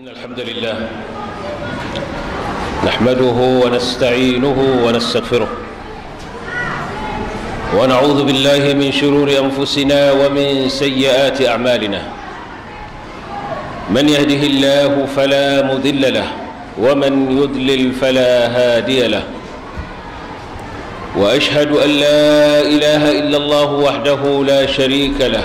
إن الحمد لله نحمده ونستعينه ونستغفره ونعوذ بالله من شرور أنفسنا ومن سيئات أعمالنا من يهده الله فلا مذل له ومن يذلل فلا هادي له وأشهد أن لا إله إلا الله وحده لا شريك له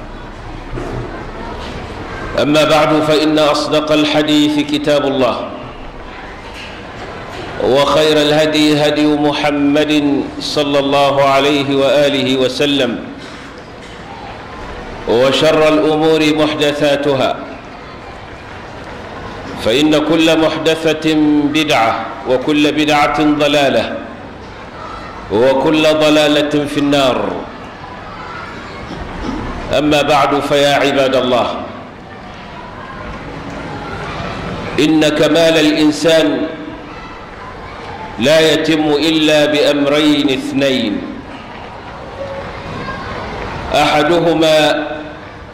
أما بعد فإن أصدق الحديث كتاب الله وخير الهدي هدي محمد صلى الله عليه وآله وسلم وشر الأمور محدثاتها فإن كل محدثة بدعة وكل بدعة ضلالة وكل ضلالة في النار أما بعد فيا عباد الله إن كمال الإنسان لا يتم إلا بأمرين اثنين أحدهما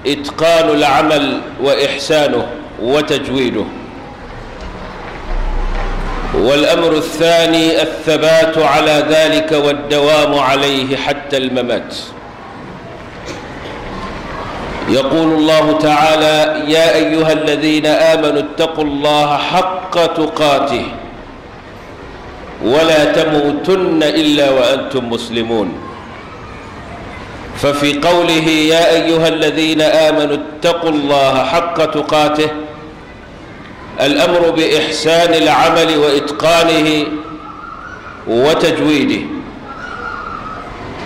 إتقان العمل وإحسانه وتجويده والأمر الثاني الثبات على ذلك والدوام عليه حتى الممات يقول الله تعالى يا ايها الذين امنوا اتقوا الله حق تقاته ولا تموتن الا وانتم مسلمون ففي قوله يا ايها الذين امنوا اتقوا الله حق تقاته الامر باحسان العمل واتقانه وتجويده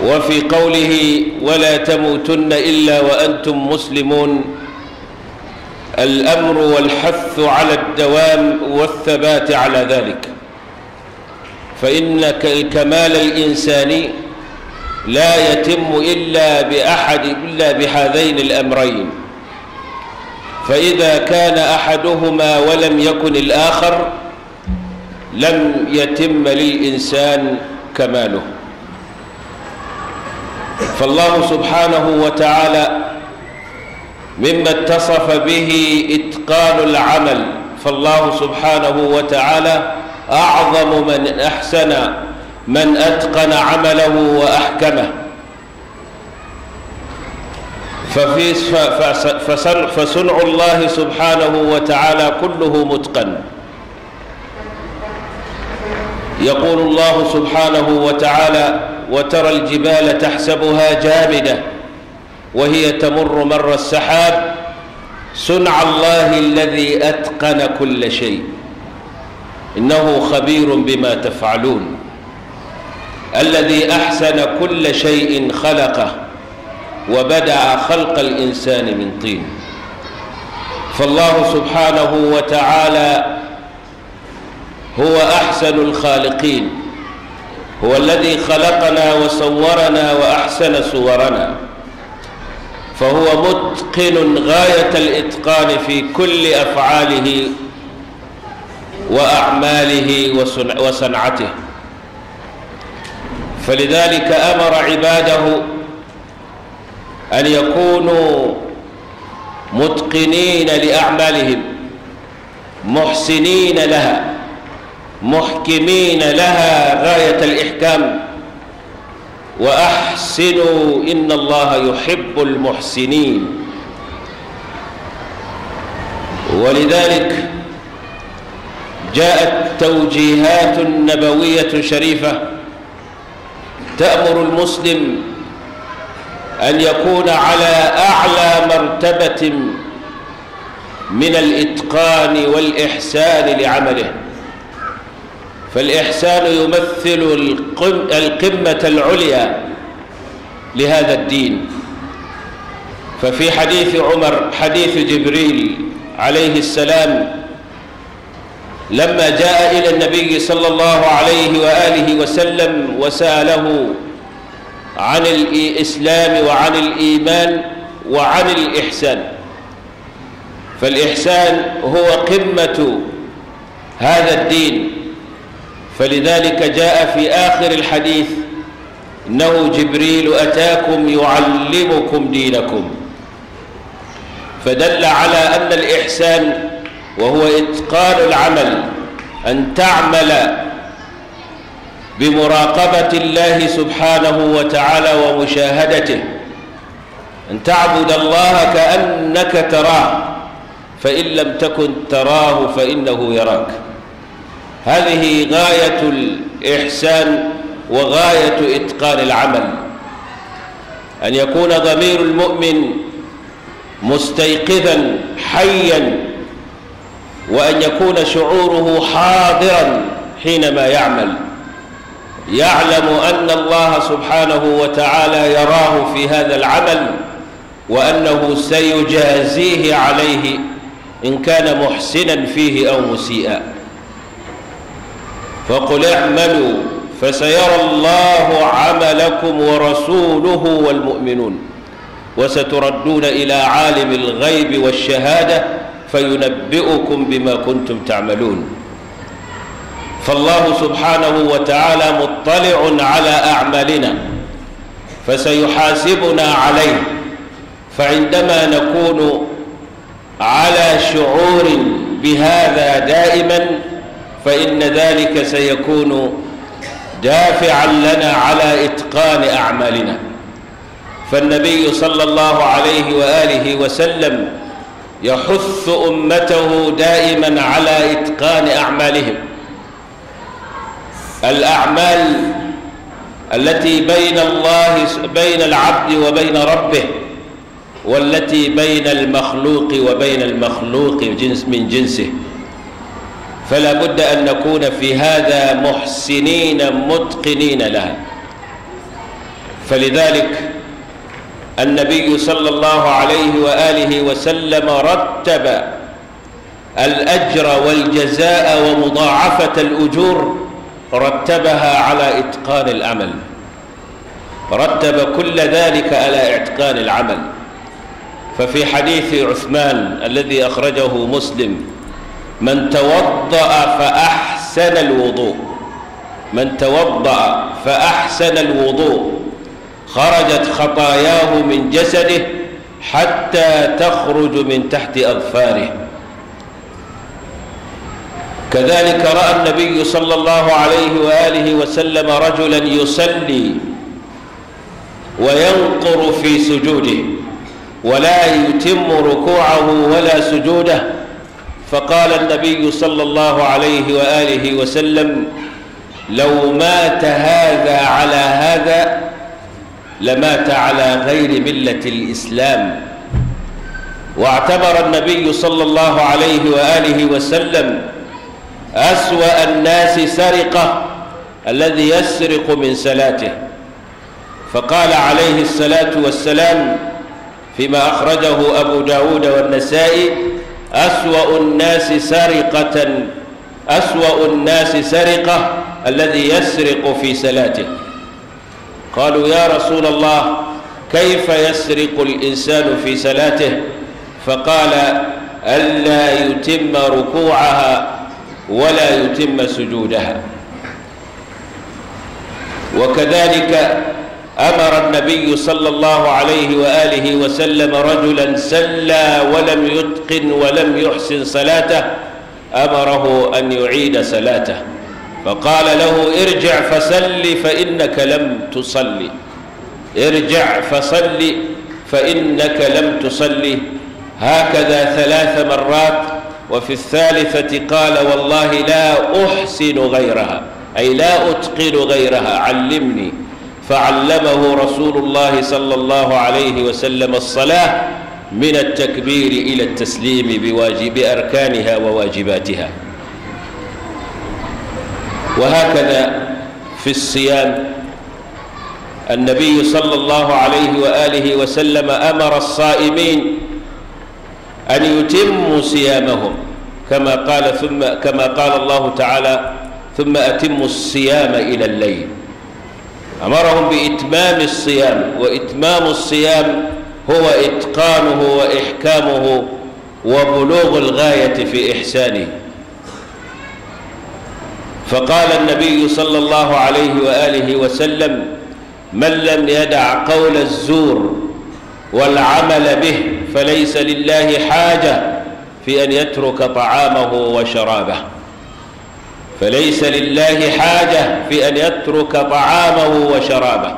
وفي قوله ولا تموتن إلا وأنتم مسلمون الأمر والحث على الدوام والثبات على ذلك فإن الكمال الإنساني لا يتم إلا بأحد إلا بهذين الأمرين فإذا كان أحدهما ولم يكن الآخر لم يتم للإنسان كماله فالله سبحانه وتعالى مما اتصف به اتقان العمل فالله سبحانه وتعالى اعظم من احسن من اتقن عمله واحكمه ففي فصنع الله سبحانه وتعالى كله متقن يقول الله سبحانه وتعالى وترى الجبال تحسبها جامده وهي تمر مر السحاب صنع الله الذي اتقن كل شيء انه خبير بما تفعلون الذي احسن كل شيء خلقه وبدع خلق الانسان من طين فالله سبحانه وتعالى هو احسن الخالقين هو الذي خلقنا وصورنا وأحسن صورنا فهو متقن غاية الإتقان في كل أفعاله وأعماله وصنعته فلذلك أمر عباده أن يكونوا متقنين لأعمالهم محسنين لها محكمين لها غاية الإحكام وأحسنوا إن الله يحب المحسنين ولذلك جاءت توجيهات نبوية شريفة تأمر المسلم أن يكون على أعلى مرتبة من الإتقان والإحسان لعمله فالإحسان يمثل القمة العليا لهذا الدين ففي حديث عمر حديث جبريل عليه السلام لما جاء إلى النبي صلى الله عليه وآله وسلم وسأله عن الإسلام وعن الإيمان وعن الإحسان فالإحسان هو قمة هذا الدين فلذلك جاء في آخر الحديث إنه جبريل أتاكم يعلمكم دينكم فدل على أن الإحسان وهو إتقان العمل أن تعمل بمراقبة الله سبحانه وتعالى ومشاهدته أن تعبد الله كأنك تراه فإن لم تكن تراه فإنه يراك هذه غاية الإحسان وغاية إتقان العمل أن يكون ضمير المؤمن مستيقظا حيا وأن يكون شعوره حاضرا حينما يعمل يعلم أن الله سبحانه وتعالى يراه في هذا العمل وأنه سيجازيه عليه إن كان محسنا فيه أو مسيئا فقل اعملوا فسيرى الله عملكم ورسوله والمؤمنون وستردون إلى عالم الغيب والشهادة فينبئكم بما كنتم تعملون فالله سبحانه وتعالى مطلع على أعمالنا فسيحاسبنا عليه فعندما نكون على شعور بهذا دائما فإن ذلك سيكون دافعا لنا على إتقان أعمالنا فالنبي صلى الله عليه وآله وسلم يحث أمته دائما على إتقان أعمالهم الأعمال التي بين الله بين العبد وبين ربه والتي بين المخلوق وبين المخلوق جنس من جنسه فلا بد أن نكون في هذا محسنين متقنين لها فلذلك النبي صلى الله عليه وآله وسلم رتب الأجر والجزاء ومضاعفة الأجور رتبها على إتقان العمل رتب كل ذلك على إتقان العمل ففي حديث عثمان الذي أخرجه مسلم من توضأ فأحسن الوضوء من توضأ فأحسن الوضوء خرجت خطاياه من جسده حتى تخرج من تحت أظفاره كذلك رأى النبي صلى الله عليه وآله وسلم رجلا يصلي وينقر في سجوده ولا يتم ركوعه ولا سجوده فقال النبي صلى الله عليه وآله وسلم لو مات هذا على هذا لمات على غير ملة الإسلام واعتبر النبي صلى الله عليه وآله وسلم أسوأ الناس سرقة الذي يسرق من سلاته فقال عليه الصلاة والسلام فيما أخرجه أبو داود والنسائي أسوأ الناس سرقة أسوأ الناس سرقة الذي يسرق في صلاته قالوا يا رسول الله كيف يسرق الإنسان في صلاته فقال ألا يتم ركوعها ولا يتم سجودها وكذلك امر النبي صلى الله عليه واله وسلم رجلا سلى ولم يتقن ولم يحسن صلاته امره ان يعيد صلاته فقال له ارجع فسل فانك لم تصلي ارجع فصل فانك لم تصلي هكذا ثلاث مرات وفي الثالثه قال والله لا احسن غيرها اي لا اتقن غيرها علمني فعلمه رسول الله صلى الله عليه وسلم الصلاة من التكبير إلى التسليم بواجب أركانها وواجباتها وهكذا في الصيام النبي صلى الله عليه وآله وسلم أمر الصائمين أن يتموا صيامهم كما قال ثم كما قال الله تعالى ثم أتموا الصيام إلى الليل أمرهم بإتمام الصيام وإتمام الصيام هو إتقانه وإحكامه وبلوغ الغاية في إحسانه فقال النبي صلى الله عليه وآله وسلم من لم يدع قول الزور والعمل به فليس لله حاجة في أن يترك طعامه وشرابه فليس لله حاجة في أن يترك طعامه وشرابه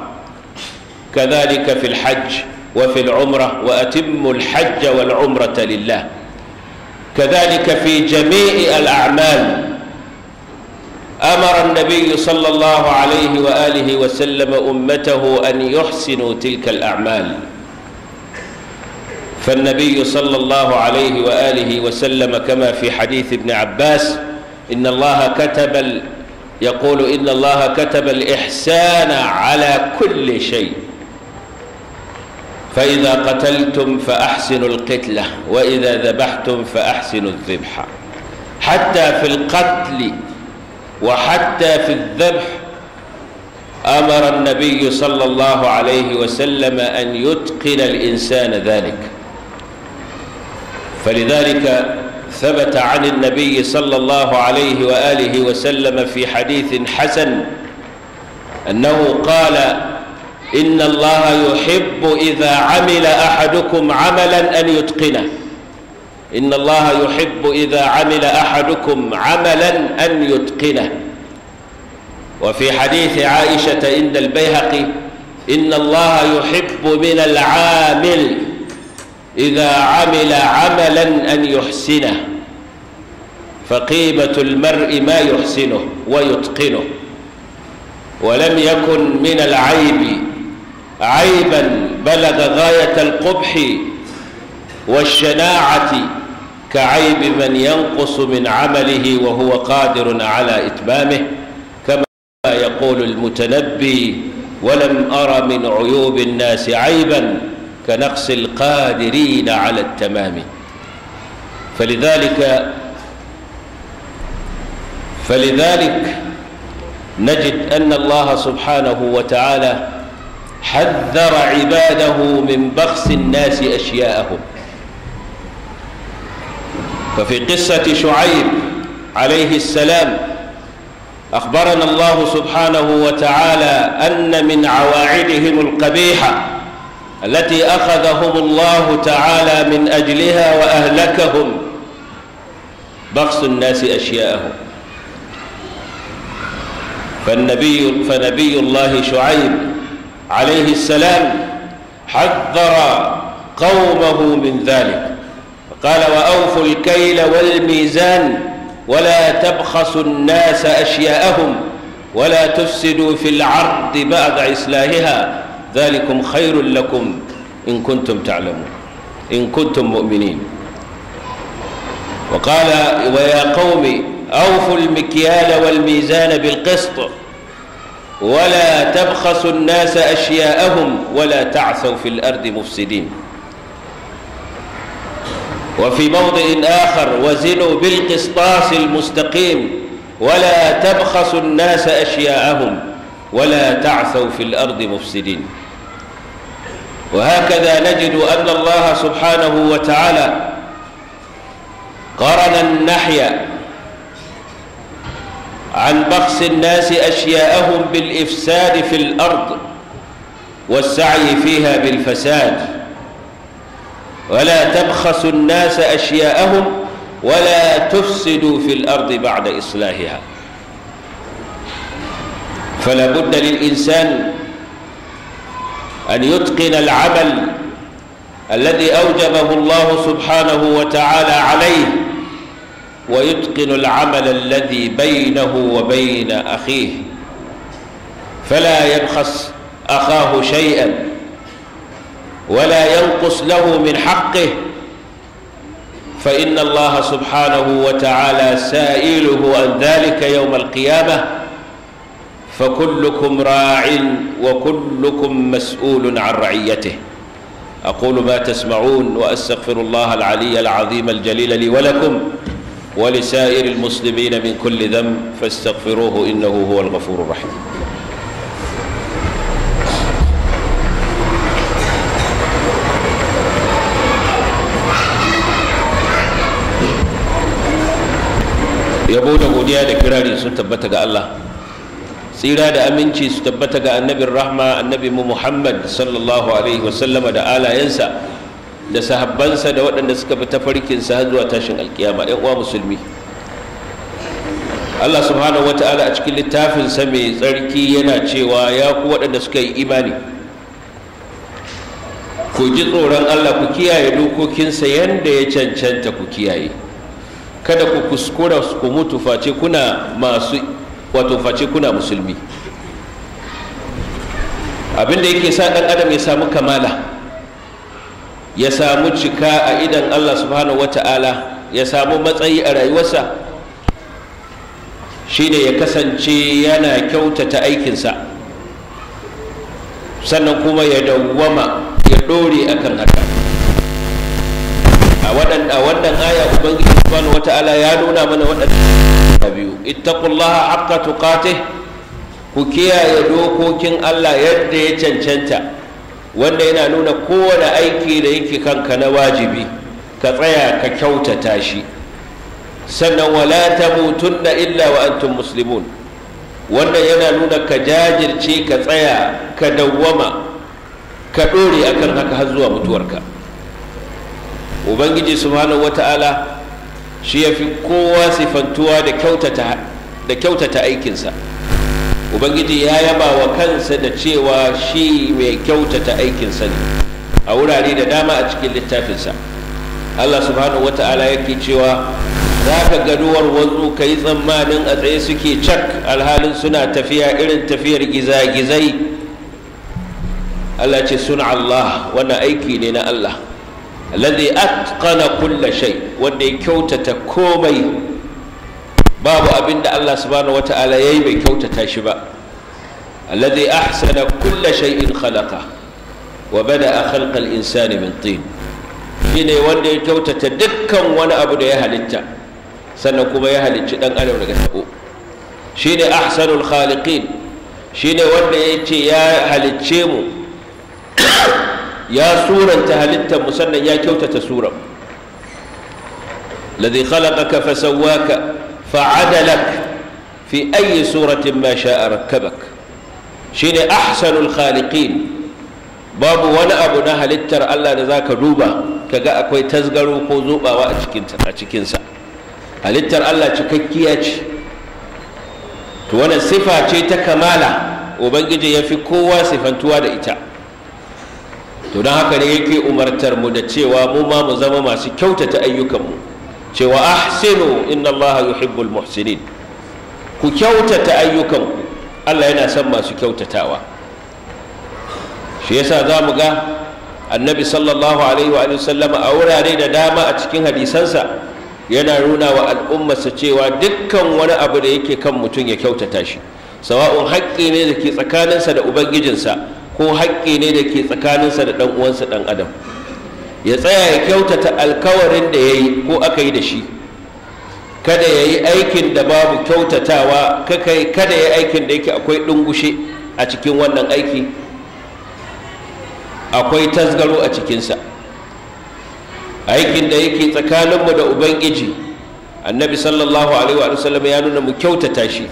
كذلك في الحج وفي العمرة وأتم الحج والعمرة لله كذلك في جميع الأعمال أمر النبي صلى الله عليه وآله وسلم أمته أن يحسنوا تلك الأعمال فالنبي صلى الله عليه وآله وسلم كما في حديث ابن عباس إن الله كتب يقول إن الله كتب الإحسان على كل شيء فإذا قتلتم فأحسنوا القتلة وإذا ذبحتم فأحسنوا الذبح حتى في القتل وحتى في الذبح أمر النبي صلى الله عليه وسلم أن يتقن الإنسان ذلك فلذلك ثبت عن النبي صلى الله عليه وآله وسلم في حديث حسن أنه قال إن الله يحب إذا عمل أحدكم عملا أن يتقنه إن الله يحب إذا عمل أحدكم عملا أن يتقنه وفي حديث عائشة عند البيهقي إن الله يحب من العامل إذا عمل عملا أن يحسنه فقيمة المرء ما يحسنه ويتقنه ولم يكن من العيب عيبا بلغ غاية القبح والشناعة كعيب من ينقص من عمله وهو قادر على إتمامه كما يقول المتنبي ولم أر من عيوب الناس عيباً كنقص القادرين على التمام فلذلك فلذلك نجد أن الله سبحانه وتعالى حذر عباده من بخس الناس أشياءهم ففي قصة شعيب عليه السلام أخبرنا الله سبحانه وتعالى أن من عواعدهم القبيحة التي أخذهم الله تعالى من أجلها وأهلكهم بخس الناس أشياءهم فالنبي فنبي الله شعيب عليه السلام حذر قومه من ذلك قال وأوفوا الكيل والميزان ولا تبخسوا الناس أشياءهم ولا تفسدوا في العرض بعد إصلاحها ذلكم خير لكم إن كنتم تعلمون إن كنتم مؤمنين وقال ويا قوم أوفوا المكيال والميزان بالقسط ولا تبخسوا الناس أشياءهم ولا تعثوا في الأرض مفسدين وفي موضع آخر وزنوا بالقسطاس المستقيم ولا تبخسوا الناس أشياءهم ولا تعثوا في الأرض مفسدين وهكذا نجد أن الله سبحانه وتعالى قرن النحي عن بخس الناس أشياءهم بالإفساد في الأرض والسعي فيها بالفساد ولا تبخسوا الناس أشياءهم ولا تفسدوا في الأرض بعد إصلاحها فلا بد للإنسان أن يتقن العمل الذي أوجبه الله سبحانه وتعالى عليه ويتقن العمل الذي بينه وبين أخيه فلا يبخس أخاه شيئا ولا ينقص له من حقه فإن الله سبحانه وتعالى سائله عن ذلك يوم القيامة فكلكم راع وكلكم مسؤول عن رعيته أقول ما تسمعون وأستغفر الله العلي العظيم الجليل لي ولكم ولسائر المسلمين من كل ذنب فاستغفروه إنه هو الغفور الرحيم يبون da godiya da kirari الله tsira da aminci su tabbata ga annabin rahma annabi mu muhammad sallallahu alaihi wasallama da alayensa da sahabbansa da waɗanda suka fi tafarkinsa har zuwa tashin alkiyama ɗan uwa musulmi allah subhanahu wata'ala a cikin littafinsa mai tsarki yana cewa ya ku waɗanda suka yi imani ku ji tsoron allah ku kiyaye dokokinsa yanda ya cancanta ku kiyaye kada ku kuskura ku mutu face kuna masu wato face kuna musulmi abinda yake sa ɗan adam ya samu kamala ya samu cika a idan allah subhanahu wata'ala ya samu matsayi a rayuwarsa shine ya kasance yana kyautata aikinsa sannan kuma ya dawwama ya ɗore akan haka a wannan aya ubangiji subhanahu wata'ala ya nuna mana waɗannan biyu ittaqullaha haqqa tuqatih ku kiyaye dokokin Allah yadda ya cancanta wanda yana nuna kowane aiki da yake kanka na wajibi ka tsaya ka kyautata shi sannan wala tamutunna illa wa antum muslimun wannan yana nuna ka jajirce ka tsaya ka dawwama ka dore akan haka har zuwa mutuwarka ubangiji subhanahu wata'ala shi ya fi kowa sifantuwa da kyautata aikinsa ubangiji ya yaba wa kansa da cewa shi mai kyautata aikinsa ne a wurare da dama a cikin littafinsa allah subhanahu wata'ala yake cewa za ka gaduwar wanzu ka yi tsammanin a tsaye suke cak alhalin suna tafiya irin tafiyar gizagizai allah ce suna allah wannan aiki ne na allah alladhi atqana kulla shay wanda ya kyautata komai babu abinda da Allah subhanahu wata'ala yayi bai kyautata shi ba alladhi ahsana kulla shay'in khalaqa wa bada'a khalqa al-insani min tin shine wanda ya kyautata dukkan wani abu da ya halitta sannan kuma ya halicci dan adam daga tabo shine ahsanul khaliqin shine wanda yace ya halicce mu ya suranta halittar mu sannan ya kyautata suran ladhi khalaqaka fa sawwaka fa adalak fi ayi suratin ma sha'a rakkabak shine ahsanul khaliqin babu wani abu na halittar Allah da za ka duba ka ga akwai tasgaro ko zoɓawa a cikinsa. halittar Allah cikakkiya ce to wannan sifa ce ta kamala ubangiji ya fi kowa sifantuwa da ita to don haka ne yake umartar mu da cewa mu ma mu zama masu kyautata ayyukanmu cewa ahsinu inna allaha yuhibbul muhsinin ku kyautata ayyukanku allah yana son masu kyautatawa shi yasa za mu ga annabi sallallahu alaihi wa sallama a wurare da dama a cikin hadisansa yana nuna wa al'ummarsa cewa dukkan wani abu da yake kan mutum ya kyautata shi sawa'un haƙƙi ne da ke tsakaninsa da ubangijinsa ko haƙƙi ne da ke tsakaninsa da ɗan uwansa ɗan adam ya tsaya ya kyautata alkawarin da ya yi ko aka yi da shi kada ya yi aikin da babu kyautatawa kada ya yi aikin da yake akwai ɗungushe a cikin wannan aiki akwai tasgaro a cikinsa aikin da yake tsakaninmu da ubangiji annabi sallallahu alaihi wa sallam ya nuna mu kyautata shi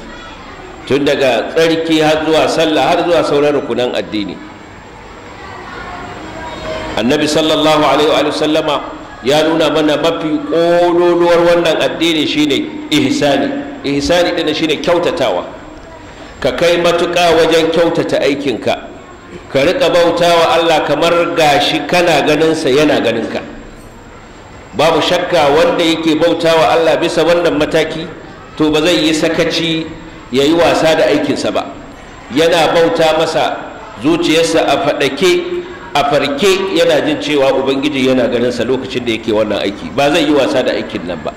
tun daga tsarki har zuwa sallah har zuwa sauran rukunan addini annabi sallallahu alaihi wa sallama ya nuna mana mafi ƙololuwar wannan addini shine ihsani ihsani din shine kyautatawa ka kai matuƙa wajen kyautata aikinka ka riƙa bautawa Allah kamar gashi kana ganinsa yana ganinka babu shakka wanda yake bautawa Allah bisa wannan mataki to ba zai yi sakaci ya yi wasa da aikinsa ba yana bauta masa zuciyarsa a faɗake a farke yana jin cewa ubangiji yana ganinsa lokacin da yake wannan aiki ba zai yi wasa da aikin nan ba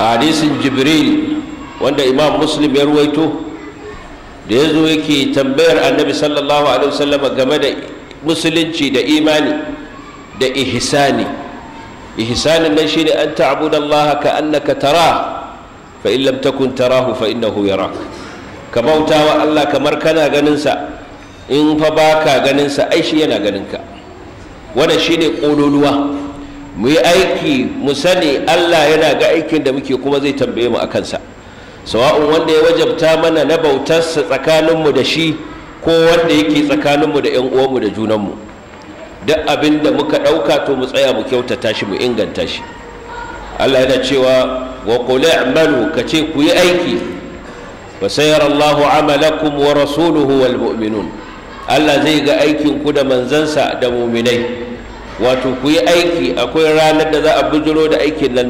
a hadisin jibril wanda imam muslim ya ruwaito da ya zo yake tambayar annabi sallallahu alaihi wasallama game da musulunci da imani da ihsani ihsanin nan shine an ta'budallaha ka annaka tara fa in lam takun tarahu fa innahu yarak ka bautawa Allah kamar kana ganin sa in fa baka ganin sa ai shi yana ganin ka wannan shine kololuwa mu yi aiki mu sani Allah yana ga aikin da muke kuma zai tambaye mu akan sa sawa'un wanda ya wajabta mana na sa tsakanin mu da shi ko wanda yake tsakanin mu da 'yan uwanmu da junan mu duk abin da muka ɗauka to mu tsaya mu kyautata shi mu inganta shi allah yana cewa wa kula a'malu ce ku yi aiki ba sayara Allahu amalakum wa rasuluhu wal mu'minun Allah zai ga aikin ku da manzansa da mu'minai wato ku yi aiki akwai ranar da za a bujiro da aikin nan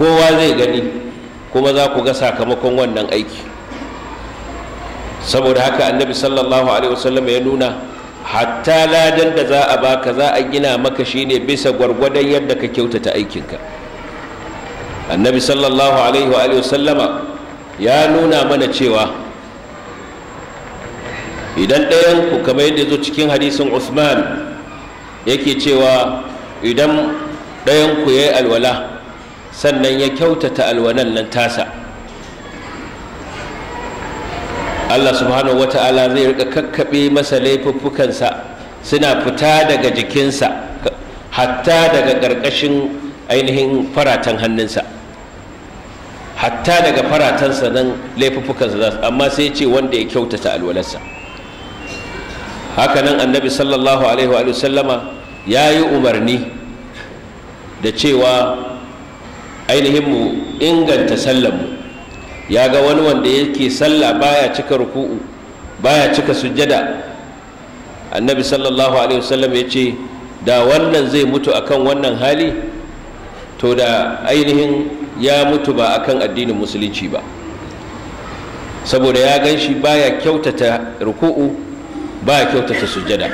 kowa zai gani kuma za ku ga sakamakon wannan aiki saboda haka annabi sallallahu alaihi wasallam ya nuna hatta ladan da za a baka za a gina maka shine bisa gwargwadon yadda ka kyautata aikinka annabi sallallahu alaihi wa sallama ya nuna mana cewa idan ɗayan ku kamar yadda zo cikin hadisin usman yake cewa idan ɗayan ku ya yi alwala sannan ya kyautata alwalan nan tasa allah subhanahu wa ta'ala zai rika kakkaɓe masa laifuffukansa suna fita daga jikinsa hatta daga ƙarƙashin ainihin faratan hannunsa hatta daga faratansa nan laifuffukansa za su amma sai ce wanda ya kyautata alwalarsa hakanan annabi sallallahu alaihi wa sallama ya yi umarni da cewa ainihin inganta sallanmu ya ga wani wanda yake salla baya cika ruku'u baya cika sujjada annabi sallallahu alaihi wasallam ya ce da wannan zai mutu akan wannan hali to da ainihin ya mutu ba a kan addinin musulunci ba saboda ya gan shi baya kyautata ruku'u baya kyautata sujada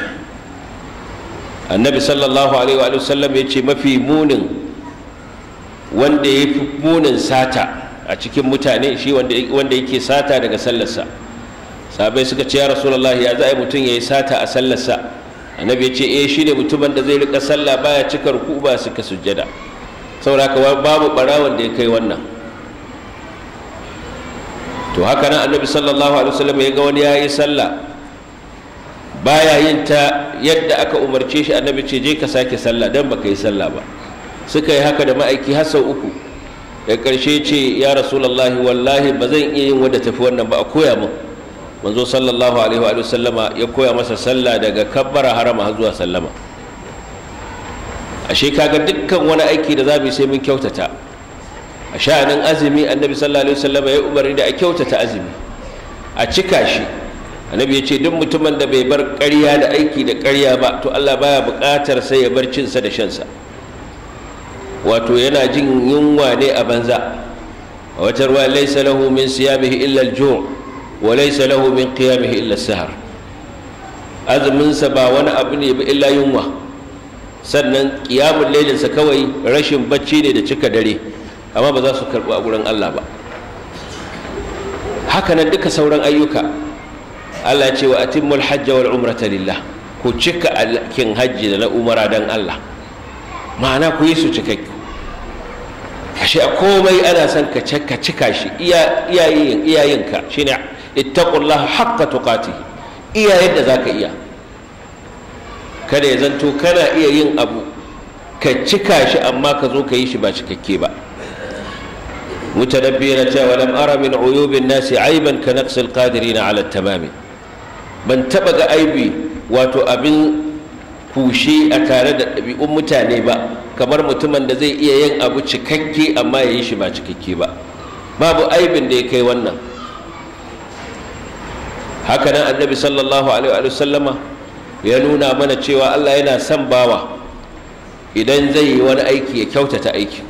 annabi sallallahu alaihi wa sallam ya ce mafi munin wanda ya fi munin sata a cikin mutane shi wanda yake sata daga sallarsa sabai suka ce ya rasulullah ya za a yi mutum ya yi sata a sallarsa annabi ya ce eh shi ne mutumin da zai rika sallah baya cika ruku'u ba suka sujada saboda haka babu barawan da ya kai wannan to haka nan annabi sallallahu alaihi wasallam ya ga wani yayi sallah baya yin ta yadda aka umarce shi annabi ce je ka sake sallah dan baka yi sallah ba suka yi haka da ma'aiki har sau uku da karshe ce ya rasulullahi wallahi ba zan iya yin wadda tafi wannan ba a koya min manzo sallallahu alaihi wa ya koya masa sallah daga kabbara harama zuwa sallama ashe kaga dukkan wani aiki da mu sai mun kyautata a sha'anin azumi annabi sallallahu alaihi wasallam ya umarni da a kyautata azumi a cika shi annabi ya ce duk mutumin da bai bar ƙarya da aiki da ƙarya ba to Allah baya buƙatar sai ya bar cinsa da shansa wato yana jin yunwa ne a banza a wata ruwa laisa lahu min siyamihi illa al-ju' wa laisa lahu min qiyamihi illa as-sahar azumin sa ba wani abu ne ba illa yunwa sannan kiyamun lailinsa kawai rashin bacci ne da cika dare amma ba za su karɓi a gurin Allah ba hakanan duka sauran ayyuka Allah ce wa atimmul hajja wal umrata lillah ku cika alkin hajji da na umara dan Allah ma'ana ku yi su cikakku ashe a komai ana son ka cika cika shi iyayenka shine ittaqullaha haqqa tuqati Iyayen da zaka iya kada ya zanto kana iya yin abu ka cika shi amma ka zo ka yi shi ba cikakke ba mutanabbi yana cewa lam ara min uyubin nasi aiban ka naqsil qadirin ala tamami ban taba ga aibi wato abin kushe a tare da ɗabi'un mutane ba kamar mutumin da zai iya yin abu cikakke amma ya yi shi ba cikakke ba babu aibin da ya kai wannan haka nan annabi sallallahu alaihi wa sallama ya nuna mana cewa Allah yana son bawa idan zai yi wani aiki ya kyautata aiki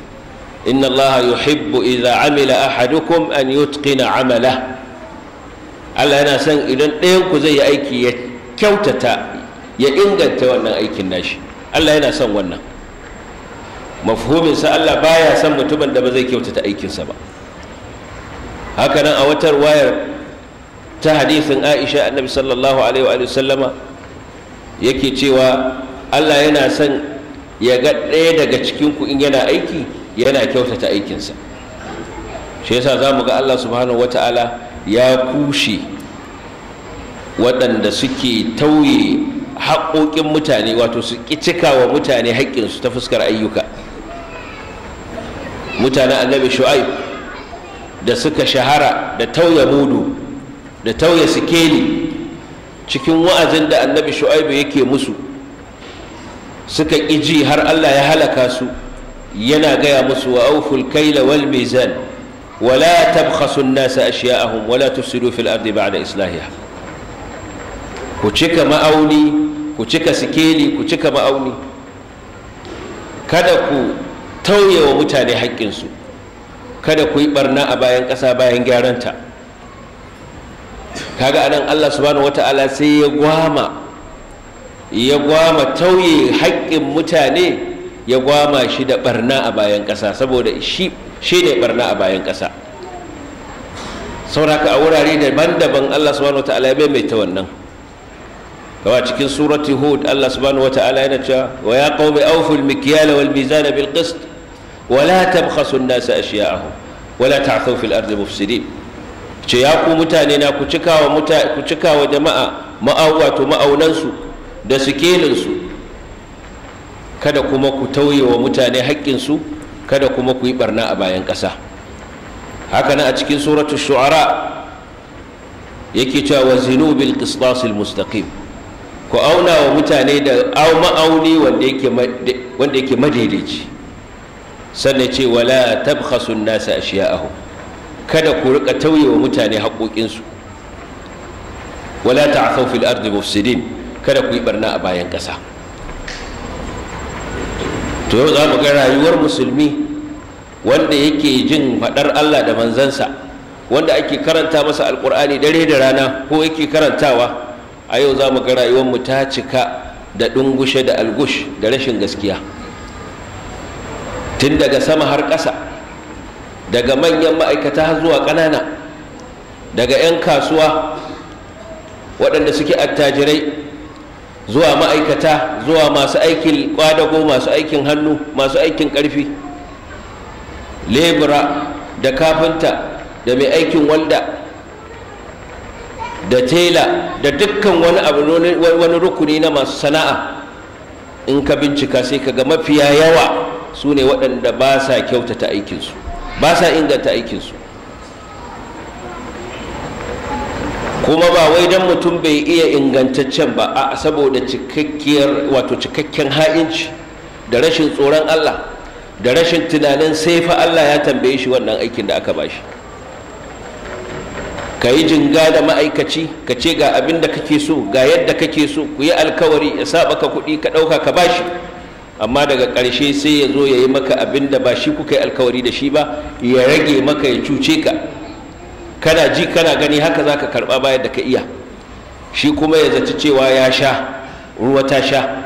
inna Allah yuhibbu idza amila ahadukum an yutqina amala Allah yana son idan ɗayan ku zai yi aiki ya kyautata ya inganta wannan aikin nashi Allah yana son wannan mafhuminsa Allah baya son mutumin da ba zai kyautata aikinsa ba hakanan a watar wayar ta hadisin Aisha annabi sallallahu alaihi wa sallama yake cewa Allah yana son ya ga ɗaya daga cikinku in yana aiki yana kyautata aikinsa shi yasa za mu ga Allah subhanahu wa ta'ala ya kushe waɗanda suke tauye haƙoƙin mutane wato su cika wa mutane haƙƙinsu ta fuskar ayyuka mutanen annabi shu'aib da suka shahara da tauye mudu da tauye sikeli cikin wa'azin da annabi shu'aibu yake musu suka ƙiji har Allah ya halaka su yana gaya musu wa auful kaila wal mizan wala tabkhasu an-nasa ashiya'ahum wala tufsidu fil ardi ba'da islahiha ku cika ma'auni ku cika sikeli ku cika ma'auni kada ku tauye wa mutane haƙƙinsu kada ku yi barna a bayan ƙasa bayan gyaranta ta kaga anan Allah subhanahu wata'ala sai ya gwama ya gwama tauye haƙƙin mutane ya gwama shi da barna a bayan ƙasa saboda shi shi ne barna a bayan ƙasa sauraka a wurare daban-daban Allah subhanahu wata'ala ya maimaita wannan kawa cikin surati hud Allah subhanahu wata'ala yana cewa wa ya qaumi awful mikyala wal mizana bil qist wa la tabkhasu an-nasa ashya'ahum wa la ta'thaw fil ardi mufsidin ce ya ku mutane na ku cika ku cika jama'a ma'auwa to su da su kada kuma ku tauye wa mutane su kada kuma ku yi barna a bayan ƙasa haka na a cikin suratul shu'ara yake cewa wa zinu bil qistasil mustaqim ku auna wa mutane da ma'auni wanda yake wanda yake madaidaici sannan ce wala tabkhasu an-nasa ashiya'ahum kada ku rika tauyewa mutane haƙoƙinsu wala ta'thaw fil ardi mufsidin kada ku yi barna a bayan ƙasa to yau za mu ga rayuwar musulmi wanda yake jin faɗar Allah da manzansa wanda ake karanta masa alƙur'ani dare da rana ko yake karantawa a yau za mu ga rayuwar mu ta cika da ɗungushe da algush da rashin gaskiya tun daga sama har ƙasa daga manyan ma'aikata har zuwa ƙanana daga 'yan kasuwa waɗanda suke attajirai zuwa ma'aikata zuwa masu aikin kwadago masu aikin hannu masu aikin ƙarfi lebura da kafinta da mai aikin walda da tela da dukkan wani abu wani rukuni na masu sana'a in ka bincika sai ka ga mafiya yawa su ne waɗanda ba sa kyautata aikinsu ba sa inganta aikinsu kuma ba wai don mutum bai iya ingantaccen ba a saboda cikakkiyar wato cikakken ha'inci da rashin tsoron allah da rashin tunanin sai fa allah ya tambaye shi wannan aikin da aka bashi ka yi jinga da ma'aikaci ka ce ga abin da kake so ga yadda kake so ku yi alkawari ya saba ka kuɗi ka ɗauka ka bashi amma daga ƙarshe sai ya zo ya yi maka abin da ba shi kuka yi alkawari da shi ba ya rage maka ya cuce ka kana ji kana gani haka za ka karɓa bayan da ka iya shi kuma ya zaci cewa ya sha ruwa ta sha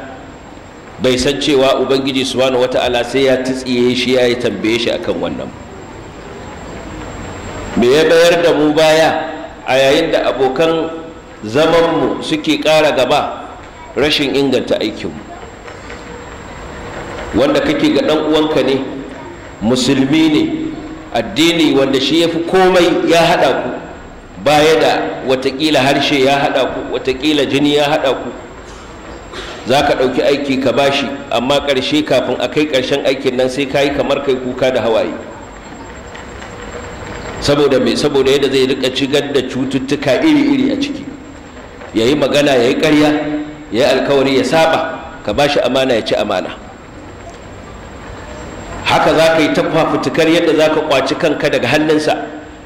bai san cewa ubangiji wata ala sai ya tsiye shi ya yi tambaye shi akan wannan me ya bayar da mu baya a yayin da abokan zamanmu suke ƙara gaba rashin inganta aikinmu wanda kake ga ɗan uwanka ne musulmi ne addini wanda shi ya fi komai ya haɗa ku baya da watakila harshe ya haɗa ku watakila jini ya haɗa ku za ka ɗauki aiki ka bashi amma ƙarshe kafin a kai ƙarshen aikin nan sai ka yi kamar kai kuka da hawaye saboda mai saboda yadda zai rika cigar da cututtuka iri-iri a ciki ya yi magana ya yi ƙarya ya yi alkawari ya saba ka bashi amana ya ci amana haka za ka yi ta fafutukar yadda za ka kwaci kanka daga hannunsa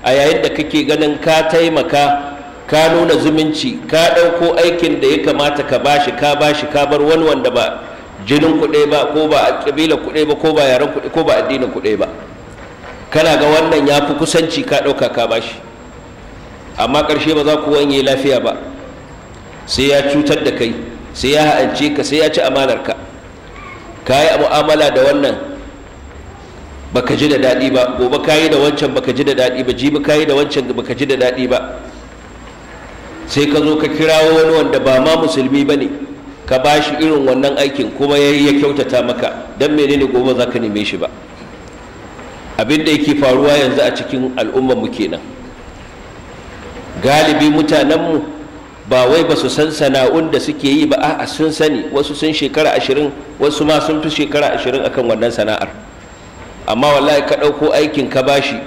a yayin da kake ganin ka taimaka ka nuna zumunci ka ɗauko aikin da ya kamata ka bashi ka bashi ka bar wani wanda ba jinin kuɗe ba ko ba ƙabila kuɗe ba ko ba yaren kuɗe ko ba addinin kuɗe ba kana ga wannan ya fi kusanci ka ɗauka ka bashi amma ƙarshe ba za ku wanye lafiya ba sai ya cutar da kai sai ya ha'ance ka sai ya ci amanar ka ka yi mu'amala da wannan baka ji da daɗi ba gobe ka yi da wancan baka ji da daɗi ba jibi ka yi da wancan baka ji da daɗi ba sai ka zo ka kirawo wani wanda ba ma musulmi ba ne ka ba shi irin wannan aikin kuma ya yi ya kyautata maka don ne gobe za ka neme shi ba abin da yake faruwa yanzu a cikin al'ummar mu kenan galibi mutanenmu ba wai ba su san sana'un da suke yi ba a'a sun sani wasu sun shekara ashirin wasu ma sun fi shekara ashirin akan wannan sana'ar amma wallahi ka ɗauko aikin ka bashi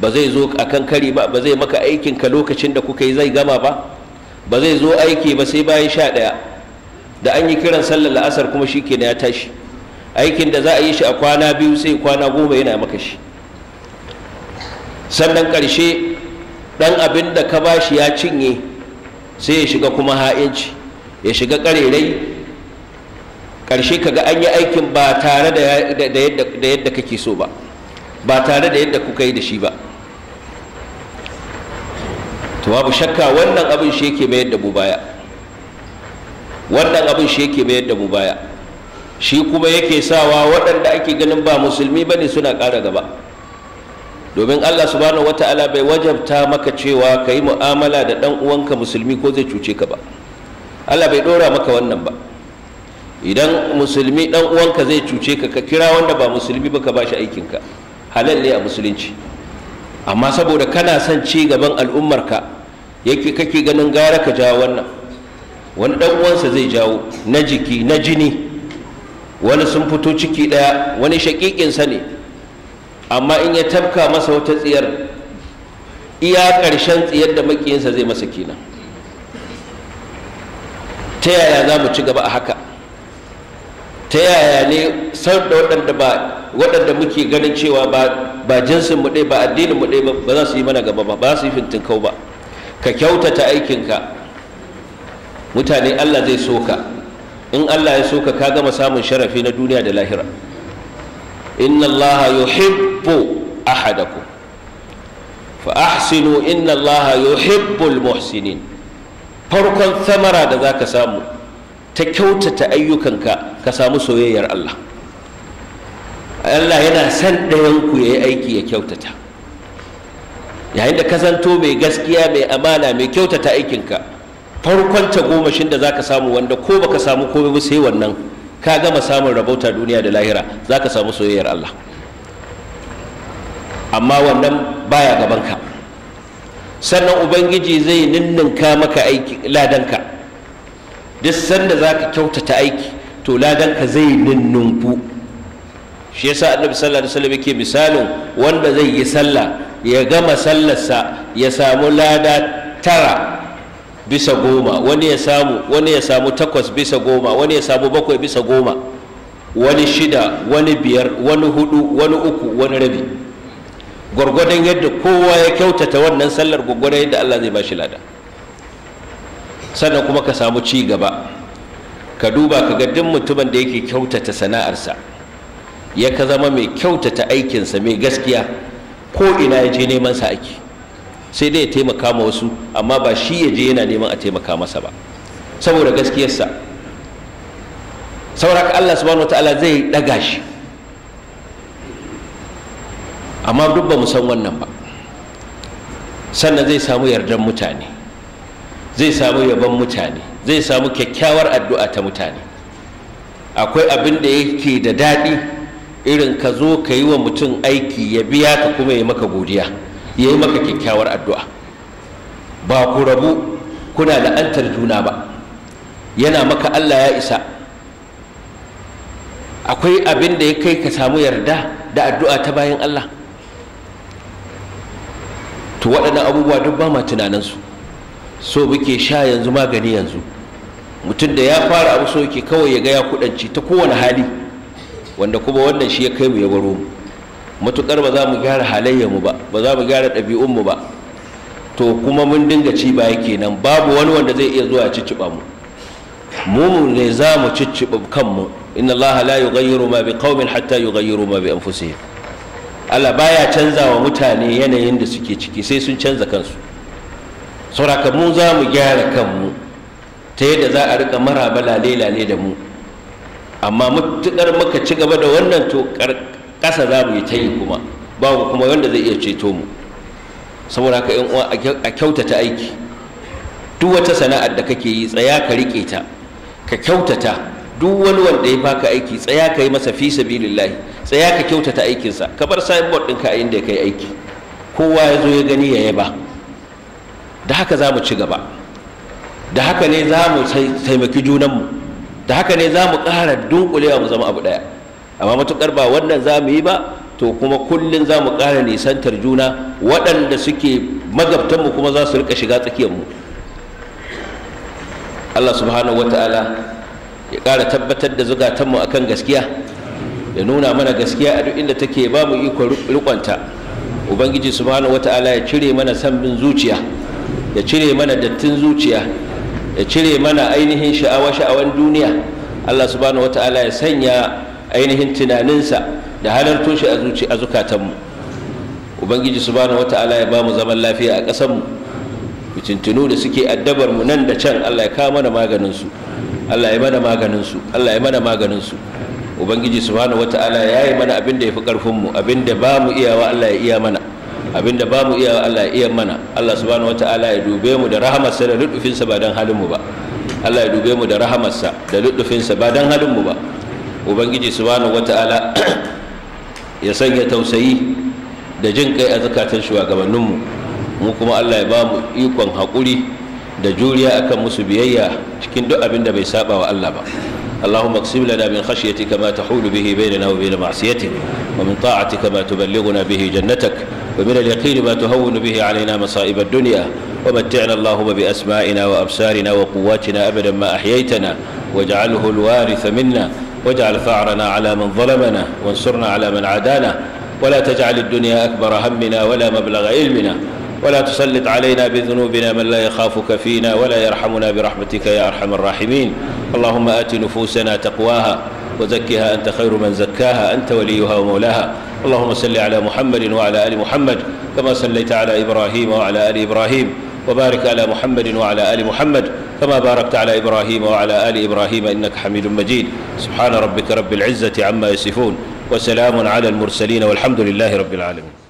ba zai zo a kan kari ba ba zai maka aikin ka lokacin da kuka yi zai gama ba ba zai zo aiki ba sai bayan sha ɗaya da an yi kiran sallar la'asar kuma shi ya tashi aikin da za a yi shi a kwana biyu sai kwana goma yana maka shi sannan ƙarshe ɗan abin da ka bashi ya cinye sai ya shiga kuma ha'inci ya shiga ƙarerai Karshe ka ga an yi aikin ba tare da yadda kake so ba ba tare da yadda kuka yi da shi ba to babu shakka wannan abin shi yake mayar da mu baya wannan abin shi yake mayar da mu baya shi kuma yake sawa waɗanda ake ganin ba musulmi bane suna ƙara gaba domin Allah subhanahu wata'ala bai wajabta maka cewa ka yi mu'amala da ɗan uwanka musulmi ko zai cuce ka ba Allah bai ɗora maka wannan ba idan musulmi dan uwanka zai cuce ka ka kira wanda ba musulmi ba ka bashi ka halal ne a musulunci amma saboda kana son ci gaban al'ummar ka yake kake ganin gara ka jawo wannan wani dan uwansa zai jawo na jiki na jini wani sun fito ciki daya wani sa ne amma in ya tabka masa wata tsiyar iya ƙarshen tsiyar da makiyinsa zai masa kenan ta yaya za mu ci gaba a haka ta yaya ne san da waɗanda ba waɗanda muke ganin cewa ba jinsin mu ɗaya ba addinin mu ɗaya ba za su yi mana gaba ba ba su yi fintin kau ba ka kyautata aikinka mutane Allah zai soka in Allah ya soka ka gama samun sharafi na duniya da lahira inna Allah yuhibbu ahadakum fa ahsinu inna Allah yuhibbul muhsinin farkon samara da zaka samu ta kyautata ayyukanka ka samu soyayyar Allah Allah yana san ɗayanku ya yi aiki ya kyautata yayin da ka zanto mai gaskiya mai amana mai kyautata aikinka farkon ta tagomashin da za ka samu wanda ko baka samu ko ba sai wannan ka gama samun rabauta duniya da lahira za ka samu soyayyar Allah amma wannan baya gabanka sannan ubangiji zai ninninka maka aiki ladanka duk sanda za ka kyautata aiki to ladanka zai ninnunku shi yasa annabi sallallahu alaihi wasallam yake misalin wanda zai yi sallah ya gama sallarsa ya samu lada tara bisa goma wani ya samu wani ya samu takwas bisa goma wani ya samu bakwai bisa goma wani shida wani biyar wani hudu wani uku wani rabi gwargwadon yadda kowa ya kyautata wannan sallar gwargwadon yadda Allah zai ba shi lada sannan kuma ka samu ci gaba ka duba ka ga duk mutumin da yake kyautata sana'arsa ya ka zama mai kyautata aikinsa mai gaskiya ko ina ya je neman sa ake sai dai ya taimaka ma wasu amma ba shi ya je yana neman a taimaka masa ba saboda gaskiyarsa saboda Allah subhanahu wataala zai daga shi amma duk ba mu san wannan ba sannan zai samu yardan mutane zai samu yabon mutane zai samu kyakkyawar addu'a ta mutane akwai abin da yake da daɗi irin ka zo ka yi wa mutum aiki ya biya ka kuma ya maka godiya ya yi maka kyakkyawar addu'a ba ku rabu kuna la'antar juna ba yana maka allah ya isa akwai abin da ya kai ka samu yarda da addu'a ta bayan allah to waɗannan abubuwa duk ba ma tunaninsu so muke sha yanzu magani yanzu mutum da ya fara abu so yake kawai ya ga ya kudanci ta kowane hali wanda kuma wannan shi ya kai mu ya baro mu matukar ba za mu gyara halayyarmu ba ba za mu gyara ɗabi'unmu ba to kuma mun dinga ci baya kenan babu wani wanda zai iya zuwa cicciɓa mu mu ne za mu cicciɓa kanmu inna Allah la yughayyiru ma bi qaumin hatta yughayyiru ma bi anfusihim Allah baya canza wa mutane yanayin da suke ciki sai sun canza kansu sauraka mu za mu gyara kanmu ta yadda za a rika maraba lale-lale da mu amma matuƙar muka ci gaba da wannan to ƙasa za mu yi ta yi kuma babu kuma wanda zai iya ceto mu saboda haka uwa a kyautata aiki duk wata sana'ar da kake yi tsaya ka riƙe ta ka kyautata duk wani wanda ya baka aiki tsaya ka yi masa fi sabilillahi tsaya ka kyautata aikinsa ka bar signboard ɗinka a inda ya kai aiki kowa ya zo ya gani ya yaba da haka za mu ci gaba da haka ne za mu taimaki junanmu da haka ne za mu ƙara dunkulewa mu zama abu ɗaya amma matuƙar ba wannan za mu yi ba to kuma kullum za mu ƙara nisantar juna waɗanda suke magabtanmu kuma za su rika shiga tsakiyarmu allah subhanahu wa ta'ala ya ƙara tabbatar da zugatanmu a kan gaskiya ya nuna mana gaskiya a duk inda take ba mu ikon rikonta ubangiji subhanahu wa ta'ala ya cire mana son bin zuciya ya cire mana dattin zuciya ya cire mana ainihin sha'awa-sha'awan duniya Allah subhanahu wata'ala ya sanya ainihin tunaninsa da halarto shi a zukatanmu ubangiji subhanahu wata'ala ya ba mu zaman lafiya a ƙasanmu fitintunu da suke addabar mu nan da can Allah ya kawo mana maganin su Allah ya mana maganin su Allah ya mana maganin su ubangiji subhanahu wata'ala ya yi mana abin da ya fi karfin mu abin da ba mu iyawa Allah ya iya mana abinda ba mu iya Allah iya mana Allah subhanahu wataala ya dube mu da rahamarsa da lutufinsa ba dan halin mu ba Allah ya dube mu da rahamarsa da lutufinsa ba dan halin ba ubangiji subhanahu wataala ya sanya tausayi da jin kai a zakatan shugabannin mu mu kuma Allah ya ba mu ikon haƙuri da juriya akan musu biyayya cikin duk abinda da bai saba wa Allah ba اللهم اقسم لنا من خشيتك ما تحول به بيننا وبين معصيتك ومن طاعتك ما تبلغنا به جنتك ومن اليقين ما تهون به علينا مصائب الدنيا ومتعنا اللهم بأسمائنا وأبصارنا وقواتنا أبدا ما أحييتنا واجعله الوارث منا واجعل ثأرنا على من ظلمنا وانصرنا على من عادانا ولا تجعل الدنيا أكبر همنا ولا مبلغ علمنا ولا تسلط علينا بذنوبنا من لا يخافك فينا ولا يرحمنا برحمتك يا أرحم الراحمين اللهم آت نفوسنا تقواها وزكها أنت خير من زكاها أنت وليها ومولاها اللهم صل على محمد وعلى آل محمد كما صليت على إبراهيم وعلى آل إبراهيم وبارك على محمد وعلى آل محمد كما باركت على إبراهيم وعلى آل إبراهيم إنك حميد مجيد سبحان ربك رب العزة عما يصفون وسلام على المرسلين والحمد لله رب العالمين